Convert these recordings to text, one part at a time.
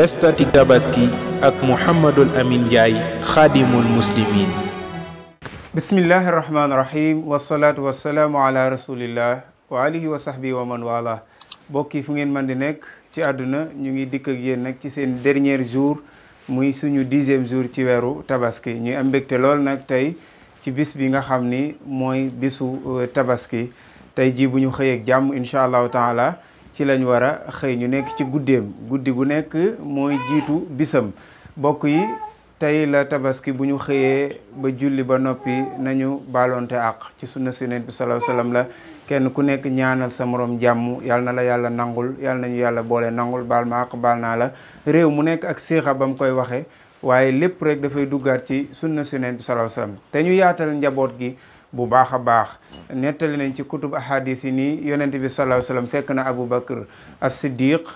Estatique Tabaski ak Mouhamadul Amin Ndiaye xaadimul muslimin bismillahi rahmaani rahim wasalaatu wasalaamu ala rasulillah wa alihi wa sahbi wa man wala bokki fu ngeen man di nekk ci àdduna ñu ngi dikk ak yéen nag ci seen dernier jour muy suñu dixième jour ci weeru tabaski ñuy am mbégte lool nag tey ci bis bi nga xam ni mooy bisu euh, tabaski tey jii bu ñu xëyeeg jàmm incha allah taala ci lañ war a xëy ñu nekk ci guddeem guddi gu nekk mooy jiitu bisam bokk yi tey la tabaski bu ñu xëyee ba julli ba noppi nañu baloonte àq ci sunna sunet bi sallallahu alayhi la kenn ku nekk ñaanal sa moroom jàmm yal na la yàlla nangul yal nañu yàlla boole nangul baal ma àq baal naa la réew mu nekk ak séexa ba mu koy waxee waaye lépp rek dafay duggaat ci sunna sunet bi sallallahu alayhi te ñu yaatal njaboot gi bu baax a baax nettali nañ ci kutub ahadis yi nii yonent bi sallallahu alayhi fekk na Abu Bakr as-Siddiq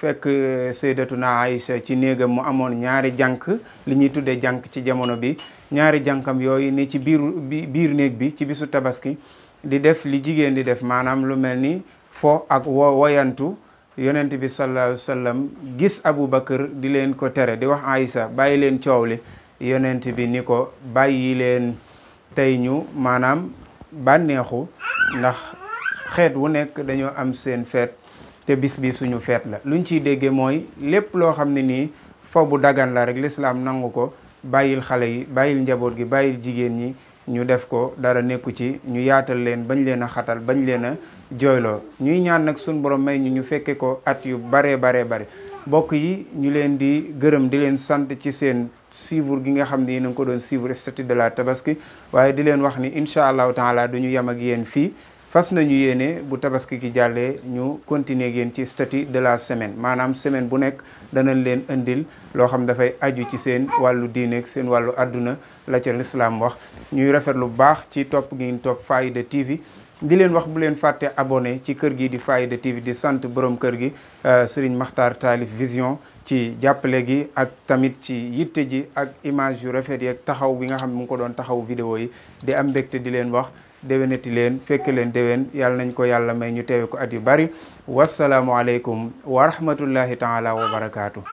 fekk eh, na Aïcha ci néegam mu amoon ñaari jànk li ñuy tuddee jànk ci jamono bi ñaari jànkam yooyu ni ci biir biir néeg bi ci bisu tabaski di def li jigéen di def maanaam lu mel ni fo ak wo woyantu yonent bi sallallahu alayhi gis Abu Bakr di leen ko tere di wax Aïcha bàyyi leen coow li yonent bi ni ko bàyyi leen tey ñu maanaam bànneexu ndax xeet wu nekk dañoo am seen feet te bis bi suñu feet la luñ ciy déggee mooy lépp loo xam ne nii fo bu dagan la rek lislaam nangu ko bàyyil xale yi bàyyil njaboot gi bàyyil jigéen ñi ñu def ko dara nekku ci ñu yaatal leen bañ leen a xatal bañ leen a jooyloo ñuy ñaan nag suñ borom may ñu ñu fekkee ko at yu baree baree bare mbokk yi ñu leen di gërëm di leen sant ci seen suivre gi nga xam ne yéen ko doon suivre statut de la tabaski waaye di leen wax ni incha allahu taala du yem ak yéen fii fas nañu yéene bu tabaski gi jàllee ñu continuer yéen ci statut de la semaine maanaam semaine bu nekk danañ leen indil loo xam dafay aju ci seen wàllu diineeg seen wàllu àdduna la ca lislaam wax ñuy rafet lu baax ci topp gi topp Faaida TV di leen wax bu leen fàtte abonné ci kër gi di Faaida TV di sant borom kër gi euh, Serigne maxtar Talif Vision ci jàppale gi ak tamit ci yitte ji ak image yu rafet yi taxaw bi nga xam ne mu ngi ko doon taxaw video yi di am mbégte di leen wax déwénati leen fekk leen déwén yàlla nañ ko yàlla may ñu teewe ko at yu bari wasalaamualeykum wa rahmatullahi taala wa barakaatu.